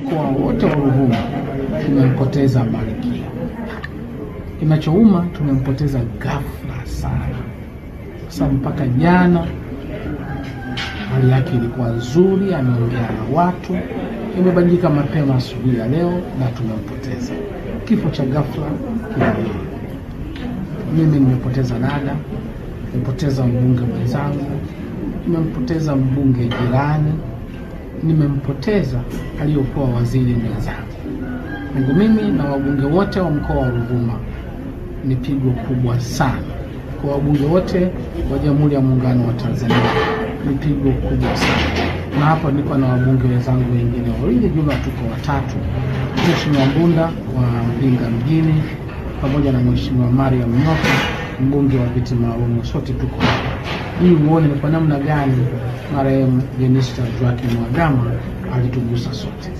Mkoa wote wa Ruvuma tumempoteza Malkia. Kinachouma tumempoteza ghafla sana, sasa mpaka jana hali yake ilikuwa nzuri, ameongea na watu, imebadilika mapema asubuhi ya leo na tumempoteza. Kifo cha ghafla kinalii. Mimi nimepoteza dada, nimepoteza mbunge mwenzangu, nimempoteza mbunge jirani nimempoteza aliyokuwa waziri mwenzangu. Mungu mimi na wabunge wote wa mkoa wa Ruvuma, ni pigo kubwa sana kwa wabunge wote wa Jamhuri ya Muungano wa Tanzania, ni pigo kubwa sana na hapa niko na wabunge wenzangu wengine wawili, jumla tuko watatu, Mheshimiwa Mbunda wa Mbinga mjini pamoja na Mheshimiwa Mariam Nyoka mbunge wa viti maalum, sote tuko ili muone kwa namna gani marehemu Jenista Joakim Mhagama alitugusa sote.